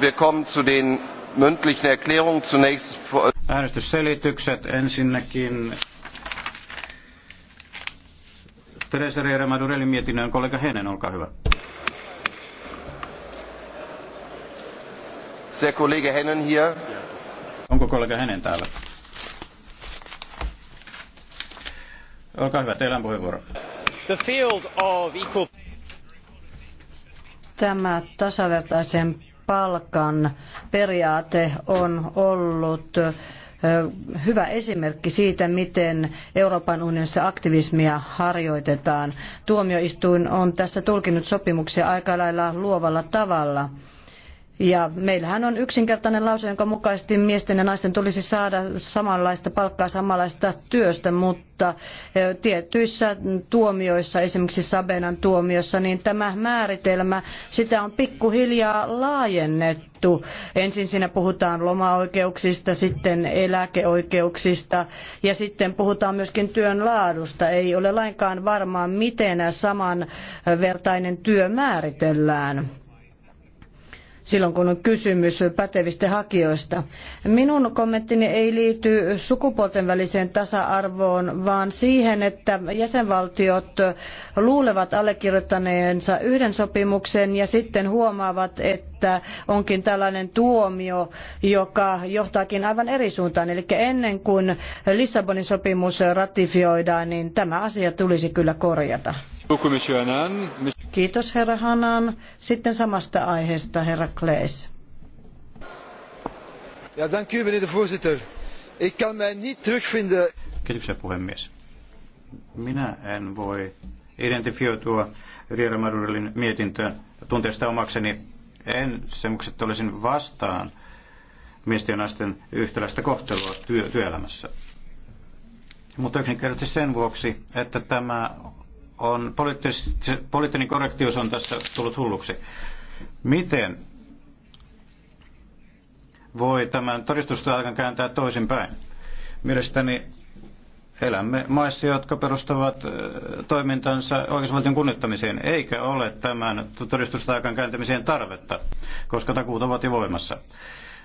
wir kommen zu den mündlichen Erklärungen. Zunächst... Äänestysselitykset ensinnäkin Teresa Riera Madurellin mietinnön kollega Henen, olkaa hyvä. Se kollega hier. Onko kollega Henen täällä? Olkaa hyvä, teillä on puheenvuoro. The field of equal... Tämä tasavertaisen palkan periaate on ollut hyvä esimerkki siitä, miten Euroopan unionissa aktivismia harjoitetaan. Tuomioistuin on tässä tulkinnut sopimuksia aika lailla luovalla tavalla. Ja meillähän on yksinkertainen lause, jonka mukaisesti miesten ja naisten tulisi saada samanlaista palkkaa samanlaista työstä, mutta tietyissä tuomioissa, esimerkiksi Sabenan tuomiossa, niin tämä määritelmä, sitä on pikkuhiljaa laajennettu. Ensin siinä puhutaan lomaoikeuksista, sitten eläkeoikeuksista ja sitten puhutaan myöskin työn laadusta. Ei ole lainkaan varmaa, miten samanvertainen työ määritellään silloin, kun on kysymys pätevistä hakijoista. Minun kommenttini ei liity sukupuolten väliseen tasa-arvoon, vaan siihen, että jäsenvaltiot luulevat allekirjoittaneensa yhden sopimuksen ja sitten huomaavat, että onkin tällainen tuomio, joka johtaakin aivan eri suuntaan. Eli ennen kuin Lissabonin sopimus ratifioidaan, niin tämä asia tulisi kyllä korjata. Kiitos herra Hanan. Sitten samasta aiheesta herra Klees. Ja, dank u, meneer de voorzitter. Ik kan mij niet terugvinden. Kiitoksia puhemies. Minä en voi identifioitua Riera Madurelin mietintöön tunteesta omakseni. En että olisin vastaan miesten ja naisten yhtäläistä kohtelua työ, työelämässä. Mutta yksinkertaisesti sen vuoksi, että tämä on, poliittinen korrektius on tässä tullut hulluksi. Miten voi tämän todistustaakan kääntää toisinpäin? Mielestäni elämme maissa, jotka perustavat toimintansa oikeusvaltion kunnittamiseen, eikä ole tämän todistustaakan kääntämiseen tarvetta, koska takuut ovat jo voimassa.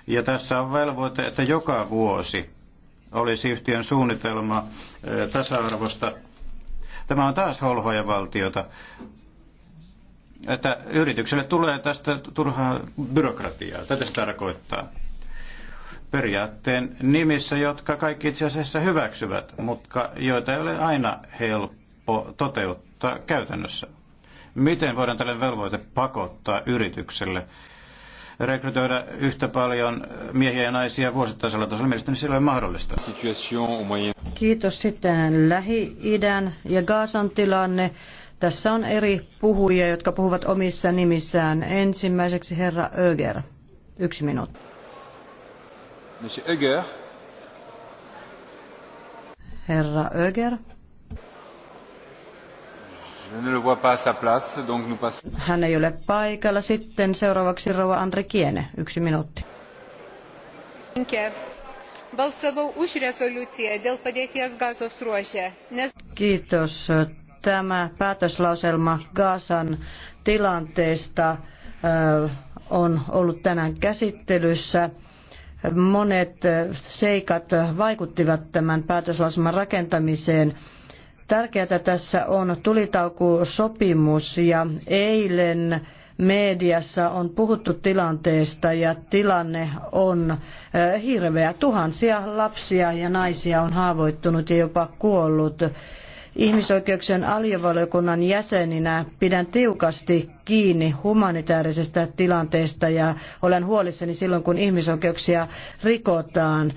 Ja tässä on velvoite, että joka vuosi olisi yhtiön suunnitelma tasa-arvosta Tämä on taas holhoja valtiota, että yritykselle tulee tästä turhaa byrokratiaa. Tätä se tarkoittaa periaatteen nimissä, jotka kaikki itse asiassa hyväksyvät, mutta joita ei ole aina helppo toteuttaa käytännössä. Miten voidaan tällainen velvoite pakottaa yritykselle rekrytoida yhtä paljon miehiä ja naisia vuosittaisella tasolla. Mielestäni se ei ole mahdollista. Kiitos sitten Lähi-idän ja Gaasan tilanne. Tässä on eri puhujia, jotka puhuvat omissa nimissään. Ensimmäiseksi herra Öger. Yksi minuutti. Monsieur Öger. Herra Öger. Hän ei ole paikalla. Sitten seuraavaksi rouva Andre Kiene. Yksi minuutti. Kiitos. Tämä päätöslauselma Gaasan tilanteesta äh, on ollut tänään käsittelyssä monet seikat vaikuttivat tämän päätöslauselman rakentamiseen. Tärkeää tässä on tulitaukosopimus ja eilen mediassa on puhuttu tilanteesta ja tilanne on eh, hirveä. Tuhansia lapsia ja naisia on haavoittunut ja jopa kuollut. Ihmisoikeuksien aliovaliokunnan jäseninä pidän tiukasti kiinni humanitaarisesta tilanteesta ja olen huolissani silloin, kun ihmisoikeuksia rikotaan.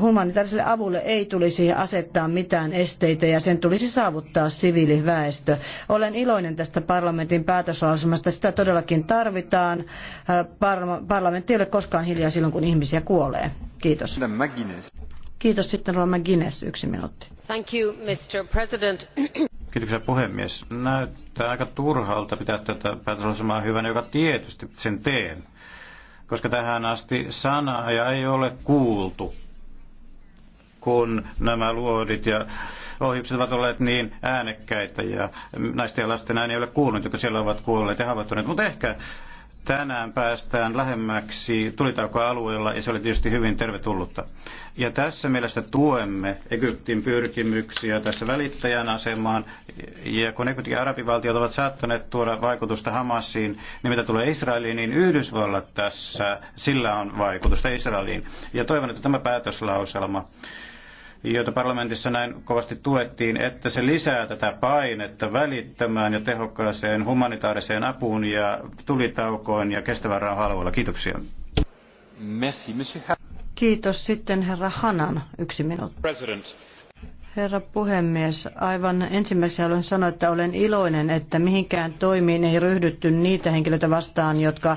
Humanitaariselle avulle ei tulisi asettaa mitään esteitä ja sen tulisi saavuttaa siviiliväestö. Olen iloinen tästä parlamentin päätöslauselmasta. Sitä todellakin tarvitaan. Parlamentti ei ole koskaan hiljaa silloin, kun ihmisiä kuolee. Kiitos. Kiitos sitten Roma Guinness, yksi minuutti. Thank you, Mr. President. Kiitoksia puhemies. Näyttää aika turhalta pitää tätä päätöslausumaa hyvänä, joka tietysti sen teen, koska tähän asti sanaa ja ei ole kuultu, kun nämä luodit ja ohjukset ovat olleet niin äänekkäitä ja naisten ja lasten ääni ei ole kuulunut, jotka siellä ovat kuolleet ja havahtuneet. Mutta ehkä tänään päästään lähemmäksi tulitaukoalueella ja se oli tietysti hyvin tervetullutta. Ja tässä mielessä tuemme Egyptin pyrkimyksiä tässä välittäjän asemaan. Ja kun Egyptin ja arabivaltiot ovat saattaneet tuoda vaikutusta Hamasiin, niin mitä tulee Israeliin, niin Yhdysvallat tässä, sillä on vaikutusta Israeliin. Ja toivon, että tämä päätöslauselma jota parlamentissa näin kovasti tuettiin, että se lisää tätä painetta välittämään ja tehokkaaseen humanitaariseen apuun ja tulitaukoon ja kestävän rauhan alueella. Kiitoksia. Merci, Kiitos. Sitten herra Hanan, yksi minuutti. President. Herra puhemies, aivan ensimmäisenä haluan sanoa, että olen iloinen, että mihinkään toimiin ei ryhdytty niitä henkilöitä vastaan, jotka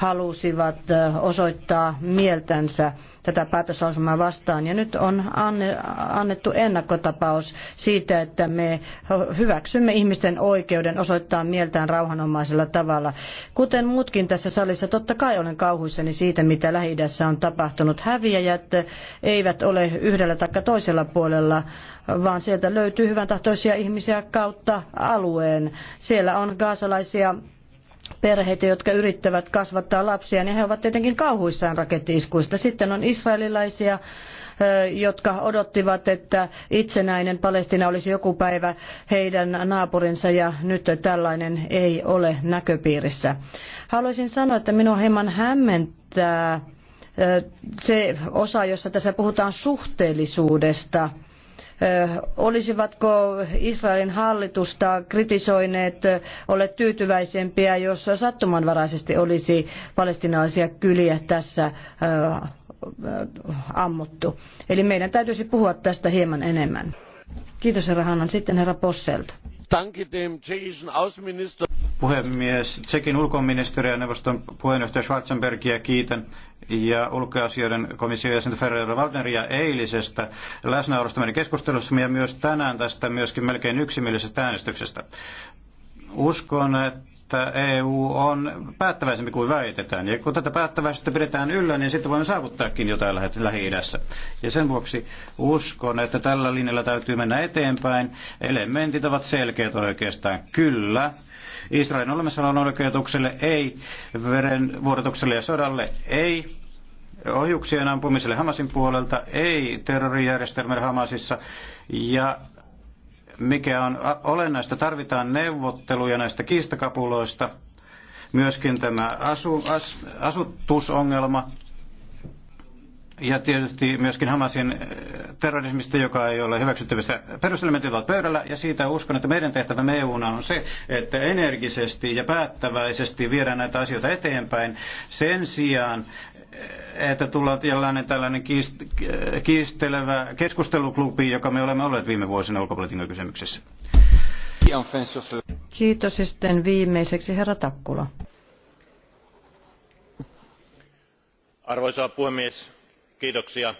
halusivat osoittaa mieltänsä tätä päätöslausumaa vastaan. Ja nyt on annettu ennakkotapaus siitä, että me hyväksymme ihmisten oikeuden osoittaa mieltään rauhanomaisella tavalla. Kuten muutkin tässä salissa, totta kai olen kauhuissani siitä, mitä lähi on tapahtunut. Häviäjät eivät ole yhdellä tai toisella puolella, vaan sieltä löytyy hyvän tahtoisia ihmisiä kautta alueen. Siellä on kaasalaisia perheitä, jotka yrittävät kasvattaa lapsia, niin he ovat tietenkin kauhuissaan rakettiiskuista. Sitten on israelilaisia, jotka odottivat, että itsenäinen Palestina olisi joku päivä heidän naapurinsa ja nyt tällainen ei ole näköpiirissä. Haluaisin sanoa, että minua hieman hämmentää se osa, jossa tässä puhutaan suhteellisuudesta – Olisivatko Israelin hallitusta kritisoineet olleet tyytyväisempiä, jos sattumanvaraisesti olisi palestinaisia kyliä tässä ammuttu? Eli meidän täytyisi puhua tästä hieman enemmän. Kiitos herra Hannan. Sitten herra Posselta puhemies. Tsekin ulkoministeriä neuvoston puheenjohtaja Schwarzenbergia kiitän ja ulkoasioiden komission jäsen Ferreira Waldneria eilisestä läsnäolosta meidän keskustelussa ja myös tänään tästä myöskin melkein yksimielisestä äänestyksestä. Uskon, että että EU on päättäväisempi kuin väitetään. Ja kun tätä päättäväisyyttä pidetään yllä, niin sitten voimme saavuttaakin jotain Lähi-idässä. Ja sen vuoksi uskon, että tällä linjalla täytyy mennä eteenpäin. Elementit ovat selkeät oikeastaan. Kyllä. Israelin olemassaolon oikeutukselle ei, vuodatukselle ja sodalle ei, ohjuksien ampumiselle Hamasin puolelta, ei terrorijärjestelmälle Hamasissa ja mikä on olennaista, tarvitaan neuvotteluja näistä kiistakapuloista, myöskin tämä asu, as, asutusongelma ja tietysti myöskin Hamasin eh, terrorismista, joka ei ole hyväksyttävistä peruselementit ovat pöydällä, ja siitä uskon, että meidän tehtävämme EUna on se, että energisesti ja päättäväisesti viedään näitä asioita eteenpäin sen sijaan, että tulla tällainen, tällainen kiist, kiistelevä keskusteluklubi, joka me olemme olleet viime vuosina ulkopolitiikan kysymyksessä. Kiitos ja sitten viimeiseksi herra Takkula. Arvoisa puhemies, kiitoksia.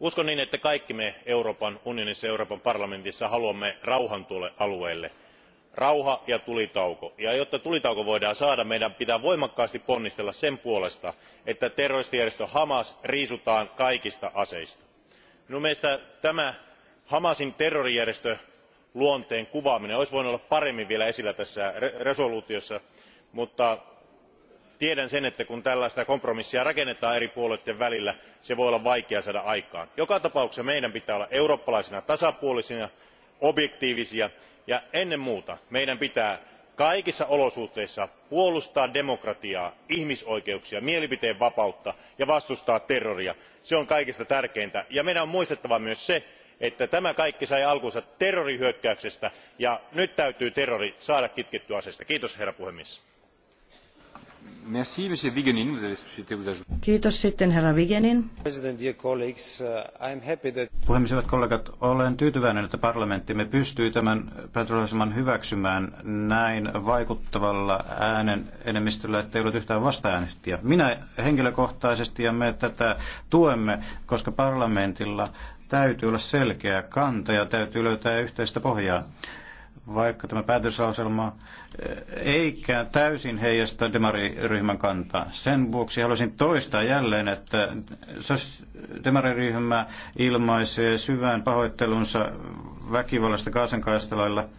Uskon niin, että kaikki me Euroopan unionissa ja Euroopan parlamentissa haluamme rauhan tuolle alueelle rauha ja tulitauko ja jotta tulitauko voidaan saada meidän pitää voimakkaasti ponnistella sen puolesta että terroristijärjestö hamas riisutaan kaikista aseista. minun mielestäni tämä hamasin terrorijärjestöluonteen kuvaaminen olisi voinut olla paremmin vielä esillä tässä päätöslauselmassa mutta tiedän sen että kun tällaista kompromissia rakennetaan eri puolueiden välillä se voi olla vaikea saada aikaan. joka tapauksessa meidän pitää olla eurooppalaisina tasapuolisia objektiivisia ja ennen muuta meidän pitää kaikissa olosuhteissa puolustaa demokratiaa ihmisoikeuksia mielipiteenvapautta ja vastustaa terroria. se on kaikista tärkeintä ja meidän on muistettava myös se että tämä kaikki sai alkunsa terrorihyökkäyksestä ja nyt täytyy terrori saada kitkettyä aseista. arvoisa puhemies Kiitos sitten herra Vigenin. Uh, Puhemies, hyvät kollegat, olen tyytyväinen, että parlamenttimme pystyy tämän päätöslauselman hyväksymään näin vaikuttavalla äänen enemmistöllä, että ei ole yhtään vastaäänestäjiä. Minä henkilökohtaisesti ja me tätä tuemme, koska parlamentilla täytyy olla selkeä kanta ja täytyy löytää yhteistä pohjaa vaikka tämä päätöslauselma eh, eikä täysin heijasta demariryhmän kantaa. Sen vuoksi haluaisin toistaa jälleen, että demariryhmä ilmaisee syvään pahoittelunsa väkivallasta kaasenkaistelailla –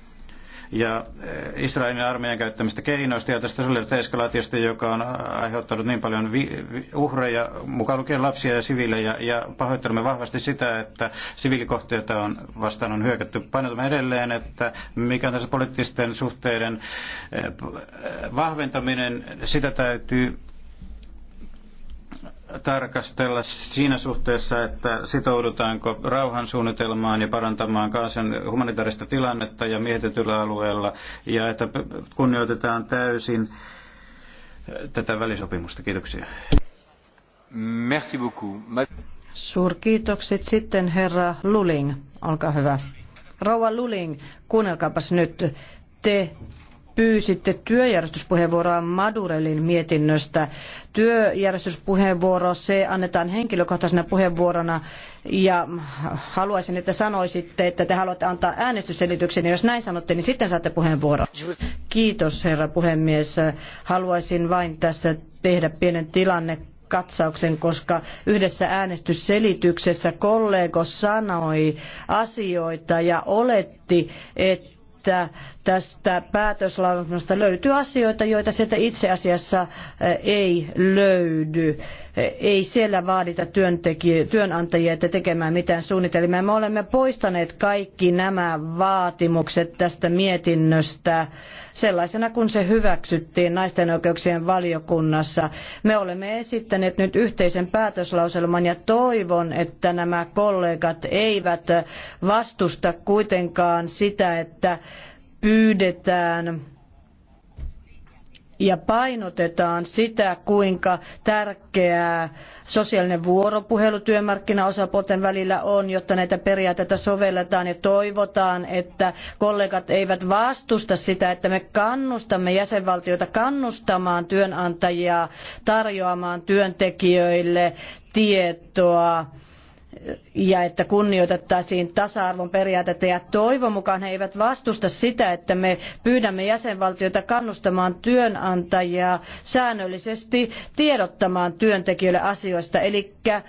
ja eh, Israelin armeijan käyttämistä keinoista ja tästä sotilaallisesta eskalaatiosta, joka on aiheuttanut niin paljon vi- uhreja, mukaan lukien lapsia ja siviilejä, ja pahoittelemme vahvasti sitä, että siviilikohteita on vastaan on hyökätty. Painotamme edelleen, että mikä on tässä poliittisten suhteiden eh, eh, vahventaminen, sitä täytyy tarkastella siinä suhteessa, että sitoudutaanko rauhansuunnitelmaan ja parantamaan kansan humanitaarista tilannetta ja mietityllä alueella, ja että kunnioitetaan täysin tätä välisopimusta. Kiitoksia. Merci beaucoup. Suurkiitokset sitten herra Luling, olkaa hyvä. Rouva Luling, kuunnelkaapas nyt. Te pyysitte työjärjestyspuheenvuoroa Madurelin mietinnöstä. Työjärjestyspuheenvuoro, se annetaan henkilökohtaisena puheenvuorona ja haluaisin, että sanoisitte, että te haluatte antaa äänestysselityksen ja jos näin sanotte, niin sitten saatte puheenvuoron. Kiitos herra puhemies. Haluaisin vain tässä tehdä pienen tilanne katsauksen, koska yhdessä äänestysselityksessä kollego sanoi asioita ja oletti, että että tästä päätöslauselmasta löytyy asioita, joita sieltä itse asiassa eh, ei löydy. Eh, ei siellä vaadita työnantajia että tekemään mitään suunnitelmia. Me olemme poistaneet kaikki nämä vaatimukset tästä mietinnöstä sellaisena kuin se hyväksyttiin naisten oikeuksien valiokunnassa. Me olemme esittäneet nyt yhteisen päätöslauselman ja toivon, että nämä kollegat eivät vastusta kuitenkaan sitä, että pyydetään ja painotetaan sitä, kuinka tärkeää sosiaalinen vuoropuhelu työmarkkinaosapuolten välillä on, jotta näitä periaatteita sovelletaan ja toivotaan, että kollegat eivät vastusta sitä, että me kannustamme jäsenvaltioita kannustamaan työnantajia tarjoamaan työntekijöille tietoa ja että kunnioitettaisiin tasa-arvon periaatetta. Ja toivon mukaan he eivät vastusta sitä, että me pyydämme jäsenvaltioita kannustamaan työnantajia säännöllisesti tiedottamaan työntekijöille asioista. Eli äh,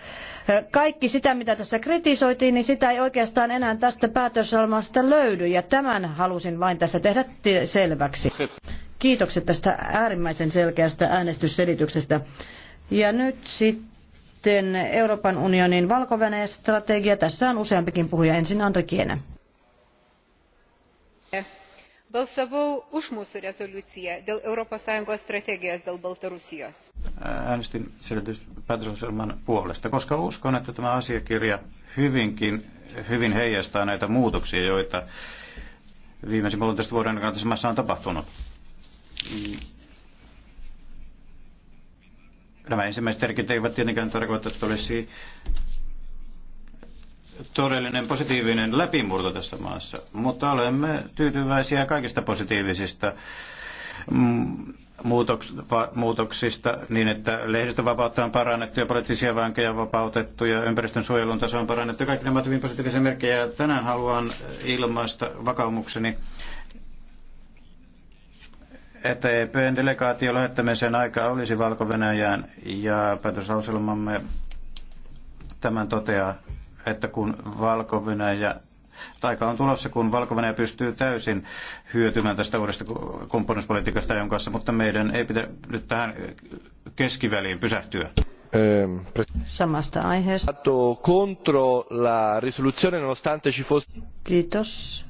kaikki sitä, mitä tässä kritisoitiin, niin sitä ei oikeastaan enää tästä päätösalmasta löydy. Ja tämän halusin vain tässä tehdä selväksi. Kiitokset tästä äärimmäisen selkeästä äänestysselityksestä. Ja nyt sitten sitten Euroopan unionin valko strategia. Tässä on useampikin puhuja. Ensin Andri Kiene. Balsavau už mūsų rezoliuciją dėl ES strategijos dėl Baltarusijos. Äänestin päätösohjelman puolesta, koska uskon, että tämä asiakirja hyvinkin, hyvin heijastaa näitä muutoksia, joita viimeisen puolentoista vuoden aikana tässä maassa on tapahtunut Nämä ensimmäiset merkit eivät tietenkään tarkoita, että olisi todellinen positiivinen läpimurto tässä maassa, mutta olemme tyytyväisiä kaikista positiivisista mm, muutoksista niin, että lehdistövapautta on parannettu ja poliittisia vankeja vapautettu ja ympäristön suojelun taso on parannettu. Kaikki nämä ovat hyvin positiivisia merkkejä. Tänään haluan ilmaista vakaumukseni ETPn delegaation lähettämisen aika olisi valko ja päätöslauselmamme tämän toteaa, että kun valko aika on tulossa, kun valko pystyy täysin hyötymään tästä uudesta kumppanuuspolitiikasta EUn kanssa, mutta meidän ei pidä nyt tähän keskiväliin pysähtyä. Ehm, Samasta aiheesta. Kiitos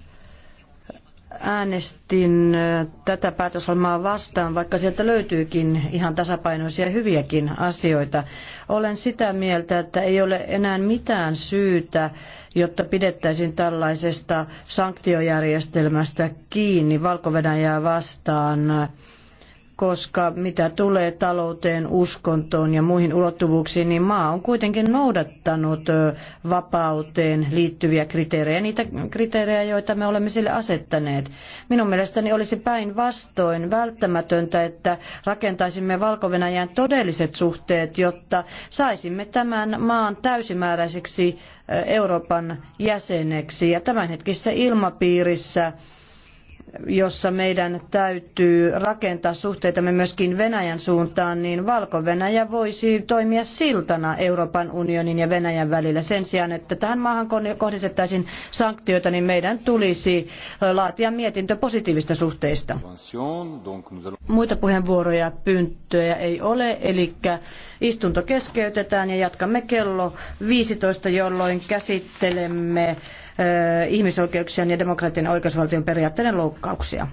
äänestin tätä päätöslauselmaa vastaan, vaikka sieltä löytyykin ihan tasapainoisia ja hyviäkin asioita. Olen sitä mieltä, että ei ole enää mitään syytä, jotta pidettäisiin tällaisesta sanktiojärjestelmästä kiinni valko vastaan koska mitä tulee talouteen, uskontoon ja muihin ulottuvuuksiin, niin maa on kuitenkin noudattanut vapauteen liittyviä kriteerejä, niitä kriteerejä, joita me olemme sille asettaneet. Minun mielestäni olisi päinvastoin välttämätöntä, että rakentaisimme valko todelliset suhteet, jotta saisimme tämän maan täysimääräiseksi Euroopan jäseneksi. Ja tämänhetkisessä ilmapiirissä jossa meidän täytyy rakentaa suhteitamme myöskin Venäjän suuntaan, niin Valko-Venäjä voisi toimia siltana Euroopan unionin ja Venäjän välillä. Sen sijaan, että tähän maahan kohdistettaisiin sanktioita, niin meidän tulisi laatia mietintö positiivista suhteista. Muita puheenvuoroja pyyntöjä ei ole, eli istunto keskeytetään ja jatkamme kello 15, jolloin käsittelemme ihmisoikeuksien ja demokratian ja oikeusvaltion periaatteiden loukkauksia.